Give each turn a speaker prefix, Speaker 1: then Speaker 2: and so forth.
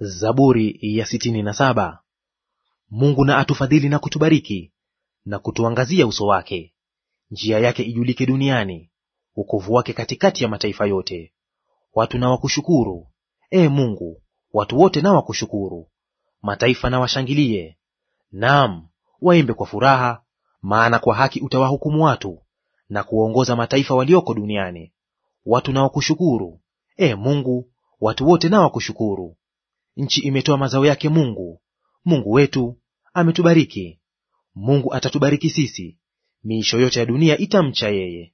Speaker 1: Zaburi ya sitini na saba. Mungu na atufadhili na kutubariki na kutuangazia uso wake. Njia yake ijulike duniani, ukovu wake katikati ya mataifa yote. Watu na wakushukuru, e Mungu, watu wote na wakushukuru. Mataifa na washangilie, naam, waimbe kwa furaha, maana kwa haki utawahukumu watu na kuwaongoza mataifa walioko duniani. Watu na wakushukuru, e Mungu, watu wote na wakushukuru. Nchi imetoa mazao yake Mungu. Mungu wetu ametubariki. Mungu atatubariki sisi. Miisho yote ya dunia itamcha yeye.